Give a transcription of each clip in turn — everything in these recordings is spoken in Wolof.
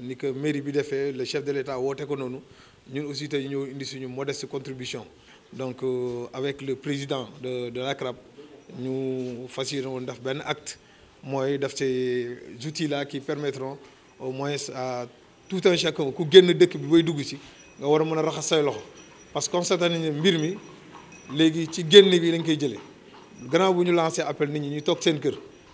ni que mairie bi defee le chef de l'État woté ko nonou ñun aussi tay ñeu indi suñu modeste contribution donc euh, avec le président de de l'ACRAB ñu fas yéene daf ben acte moy daf ci outils là qui permettront au moins à tout un chacun ku génn dëkk bi bay dugg ci nga wara mëna mën say loxo parce qu'on constaté ni mbir mi légui ci génn bi lañ koy jëlé gannaaw bu ñu lancer appel nit ñi ñu tok seen kër.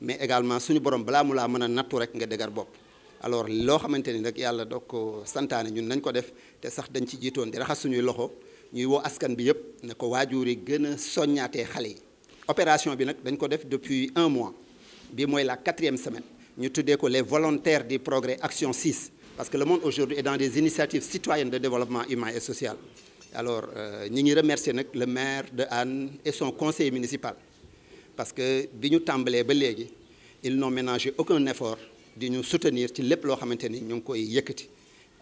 mais également suñu borom balaa mu la mëna natou rek nga dëgër bop alors lo xamanteni nak yalla yàlla doog ko santaane ñun nañ ko def té sax dañ ci jittone di raxas suñu loxo ñuy wo askan bi yëpp ne ko wajuri gëna gën a opération bi nak dañ ko def depuis un mois bi moy la quatrième semaine ñu tuddé ko les volontaires du progrès action 6 parce que le monde aujourd'hui est dans des initiatives citoyennes de développement humain et social alors euh, ñi ngi remercier nak le maire de Anne et son conseil municipal parce que bi ñu tàmbalee ba légui ils n'ont ménagé aucun effort di ñu soutenir ci lépp loo xamante ni ñu ngi koy yëkkati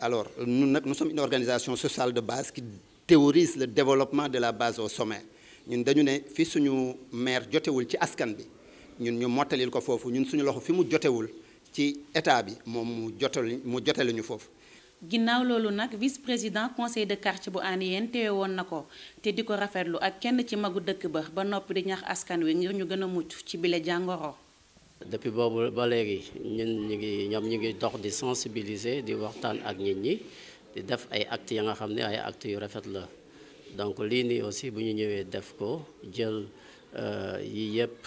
alors nous nak nous sommes une organisation sociale de base qui théorise le développement de la base au sommet ñun dañu ne fi suñu maire jotewul ci askan bi ñun ñu motalil ko fofu ñun suñu loxo fi mu jotewul ci état bi mom mu jotal mu jotali ñu ginnaaw loolu nag vice président conseil de quartier bu Hann teewe woon na ko te di ko rafetlu ak kenn ci magu dëkk ba ba noppi di ñax askan wi ngir ñu gën a mucc ci bile jàngoro. depuis boobu ba léegi ñun ñu ngi ñoom ñu ngi dox di sensibiliser di waxtaan ak nit ñi di def ay actes ya nga xam ni ay actes yu rafet la donc lii nii aussi bu ñu ñëwee def ko jël euh, yi yëpp.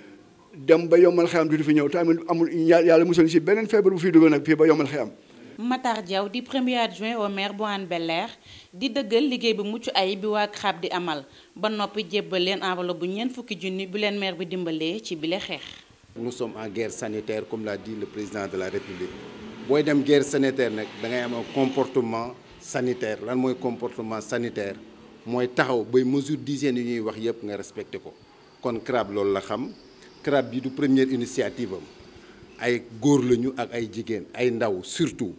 dem ba yombal xeyam du fi ñew tamit amul yalla yàlla musal si beneen feebar bu fi dugal nak fi ba yomal xiyam Matar Diaw di 1er juin au maire bu Hann di deugal liggéey bu muccu ay bi waa xab di amal ba nopi jébbal leen enveloppe bu ñen fukki junni bu leen maire bi dimbalee ci bile xex nous sommes en guerre sanitaire comme l'a dit le président de la république boy dem guerre sanitaire nak da ngay am un comportement sanitaire lan moy comportement sanitaire moy taxaw bay mesure d'hygiène yi ñuy wax yépp nga respecté ko kon CRAB lool la xam. CRAB bi du première initiative am ay góor lañu ak ay jigen ay ndaw surtout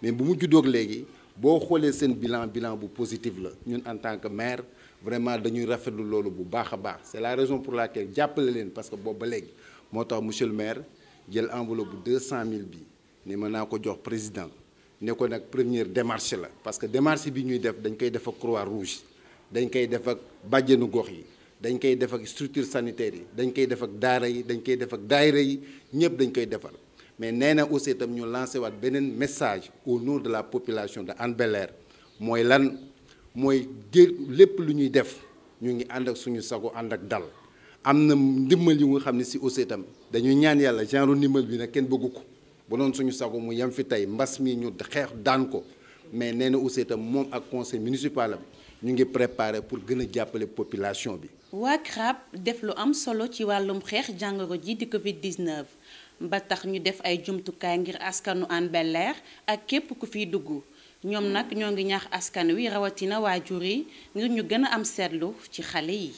mais bu mu juddok léegi bo xolé sen bilan bilan bu positif la ñun en tant que maire vraiment dañuy rafetlu lolu bu baax baax c'est la raison pour laquelle jappalé leen parce que bobu ba motax monsieur le maire jël enveloppe bu deux bi ni mën naa ko jox président ne ko nak première démarche la parce que démarche bi ñuy def dañ koy def ak Croix-Rouge dañ koy def ak badjenu gox yi dañ koy def ak structure sanitaire yi dañ koy def ak daara yi dañ koy def ak daayira yi ñëpp dañ koy defal mais nee na aussi itam ñu lancé waat beneen message au nom de la population de Hann bel mooy lan mooy jël lépp lu ñuy def ñu ngi ànd ak suñu sago ànd ak dal am na ndimbal yu nga xam ne si aussi itam dañuy ñaan yàlla genre ndimbal bi nag kenn bëggu ko bu doon suñu sago mu yam fi tey mbas mi ñu xeex daan ko mais nee na aussi itam moom ak conseil municipal am ñu ngi préparer pour gën a jàppale population bi. waa CRAB def lu am solo ci wàllum xeex jàngoro ji di Covid 19 ba tax ñu def ay jumtukaay ngir askanu en Bel-Air ak képp ku fiy dugg ñoom nag ñoo ngi ñaax askan wi rawatina waajur yi ngir ñu gën a am seetlu ci xale yi.